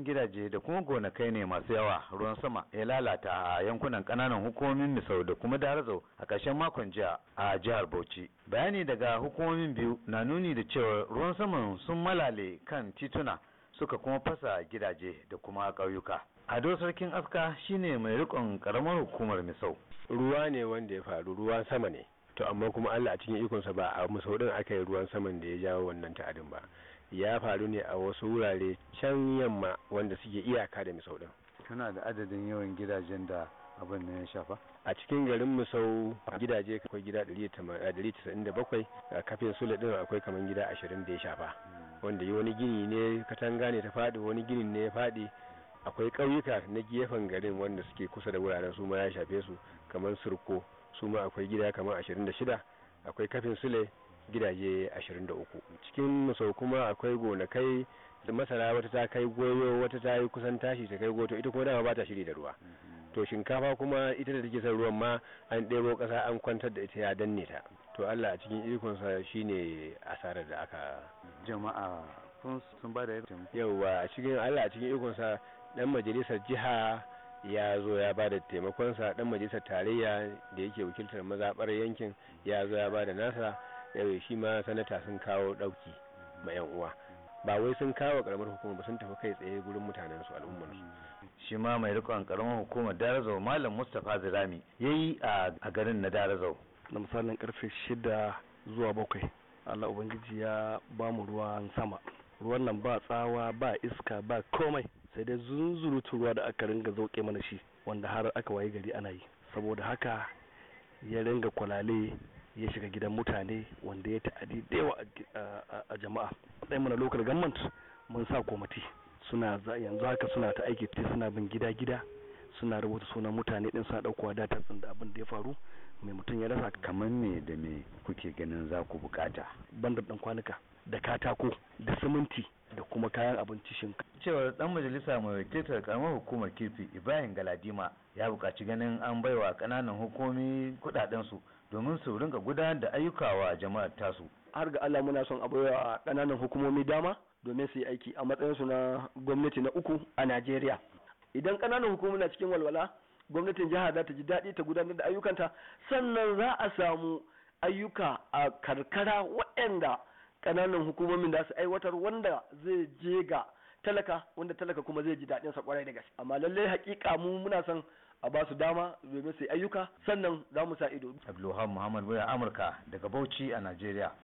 ɗaruruwan gidaje da kuma gonakai ne masu yawa ruwan sama ya lalata a yankunan ƙananan hukumomin misau da kuma darazau a ƙarshen makon jiya a jihar bauchi bayani daga hukumomin biyu na nuni da cewa ruwan saman sun malale kan tituna suka kuma fasa gidaje da kuma ƙauyuka ado sarkin aska shine mai riƙon ƙaramar hukumar misau ruwa ne wanda ya faru ruwan sama ne to amma kuma allah a cikin ikonsa ba a musau ɗin aka yi ruwan saman da ya jawo wannan ta'adin ba ya faru ne a wasu wurare can yamma wanda suke iyaka da misau din tana da adadin yawan gidajen da abin nan ya shafa a cikin garin misau gidaje akwai gida 197 a kafin sule din akwai kamar gida 20 da ya shafa hmm. wanda yi wani gini ne katanga ne ta faɗi wani gini ne ya faɗi akwai ƙauyuka na gefen garin wanda suke kusa da wuraren su ma ya shafe su kamar surko su ma akwai gida kamar 26 akwai kafin sule gidaje 23 cikin sau kuma akwai gonakai da masara wata ta kai goyo wata ta yi kusan tashi ta kai goto ita kuma dama ba ta shiri da ruwa mm-hmm. to shinkafa kuma ita da take son ruwan ma an ɗebo ƙasa an kwantar da ita ya danne ta to Allah a cikin ikonsa shine asarar da aka jama'a kun sun ba da yawa a cikin Allah a cikin ikonsa dan majalisar jiha ya zo ya ba da taimakonsa dan majalisar tarayya da yake wakiltar mazaɓar yankin ya zo ya ba da nasa Yau shi ma sanata sun kawo dauki ma 'yan uwa ba wai sun kawo karamar hukuma ba sun tafi kai tsaye gurin mutanen su al'ummar su shi ma mai rikon karamar hukumar darazau malam mustapha zirami ya yi a garin na darazau na misalin karfe shida zuwa bakwai allah ubangiji ya ba mu ruwan sama ruwan nan ba tsawa ba iska ba komai sai dai zunzurutu ruwa da aka ringa zauke mana shi wanda har aka waye gari ana yi saboda haka ya ringa kwalale ya shiga gidan mutane wanda ya ta'adi da yawa a jama'a ɗaya mana local government mun sa kwamiti suna yanzu haka suna ta aiki suna bin gida gida suna rubuta sunan mutane din suna daukowa data sun da abin da ya faru mai mutum ya rasa kamar me da me kuke ganin za ku bukata bandar ɗan kwanuka da katako da siminti da kuma kayan abinci shinkafa. cewar dan majalisa mai wakiltar karamar hukumar kirfi ibrahim galadima ya bukaci ganin an baiwa kananan hukumi kuɗaɗensu domin su rinka gudanar da ayyuka wa jama'ar tasu har ga Allah muna son a baiwa ƙananan hukumomi dama domin su yi aiki a matsayin su na gwamnati na uku a Najeriya idan ƙananan hukumomi na cikin walwala gwamnatin jiha za ta ji daɗi ta gudanar da ayyukanta sannan za a samu ayyuka a karkara waɗanda ƙananan hukumomi da su aiwatar wanda zai je ga talaka wanda talaka kuma zai ji daɗin sa kwarai da gaske amma lallai hakika mu muna son a ba su dama domin su ayyuka sannan za mu sa ido. Abdulhamid Muhammad Boya Amurka daga Bauchi a Najeriya.